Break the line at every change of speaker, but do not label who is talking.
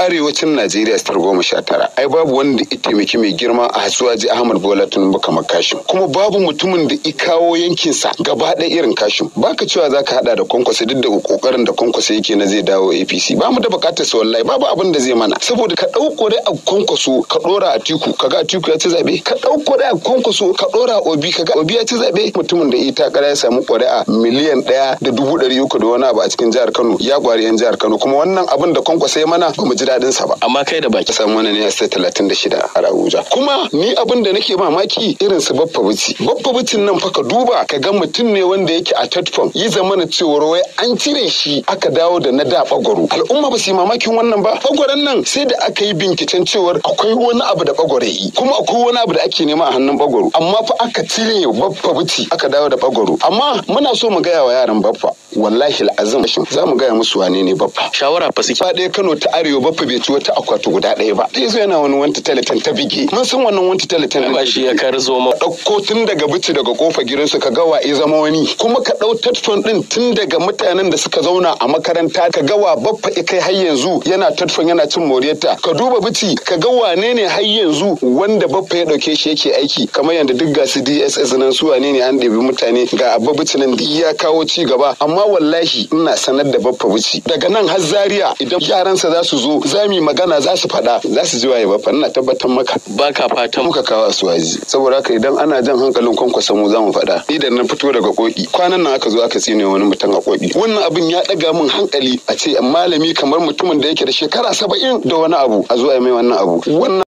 arewacin Najeriya tar goma sha tara ai babu wanda ya taimaki mai girma a Hasuwaji Ahmad Bola Tinubu kamar Kashim kuma babu mutumin da i kawo sa gaba ɗaya irin Kashim baka cewa zaka hada da Kwankwasa duk da kokarin da Kwankwasa yake na zai dawo APC ba mu da bukatar sa wallahi babu abin da zai mana saboda ka ɗauko dai a Kwankwaso ka ɗora a Tiku kaga a Tiku ya ci zabe ka ɗauko dai a Kwankwaso ka ɗora a Obi kaga Obi ya ci zabe mutumin da ita kara ya samu kwari'a miliyan ɗaya da dubu ɗari uku da wani abu a cikin jihar Kano ya gwari 'yan jihar Kano kuma wannan abin da Kwankwasa ya mana ba mu ji daɗin sa ba amma kai da baki samu wannan ne a sai 36 a Abuja kuma ni abin da nake mamaki irin su baffa bici baffa bicin nan fa ka duba ka ga mutum ne wanda yake a tatfom yi zamana cewar wai an cire shi aka dawo da na da bagwaro al'umma ba su yi mamakin wannan ba bagwaron nan sai da aka yi binciken cewar akwai wani abu da bagwaro yi kuma akwai wani abu da ake nema a hannun bagwaro amma fa aka cire baffa buci aka dawo da bagwaro amma muna so mu gaya wa yaran baffa wallahi azam za mu gaya musu wane ne baffa shawara fa suke ɗaya Kano ta Arewa baffa bai ci wata akwatu guda ɗaya ba dai yana wani wanta talatin ta bige mun san wannan wanta talatin ba shi ya kar zo ma dauko tun daga bici daga kofa gidansu ka ga wa'i zama wani kuma ka ɗau tatfon din tun daga mutanen da suka zauna a makaranta ka ga wa baffa kai har yanzu yana tatfon yana cin moriyarta ka duba bici ka ga wane ne har yanzu wanda baffa ya ɗauke shi yake aiki kamar yadda duk gasu DSS nan su wane ne an ɗebi mutane ga abba bici nan ya kawo ci gaba amma wallahi ina sanar da baffa wuce daga nan har Zariya idan yaransa za su zo za mu yi magana za su faɗa za su ji waye baffa ina tabbatar maka ba ka fatan muka kawo su waje saboda haka idan ana jan hankalin kwankwasa mu za mu faɗa ni da na fito daga koki kwanan nan aka zo aka tsine wani mutum a koki wannan abin ya ɗaga min hankali a ce malami kamar mutumin da yake da shekara saba'in da wani abu a zo a mai wannan abu wannan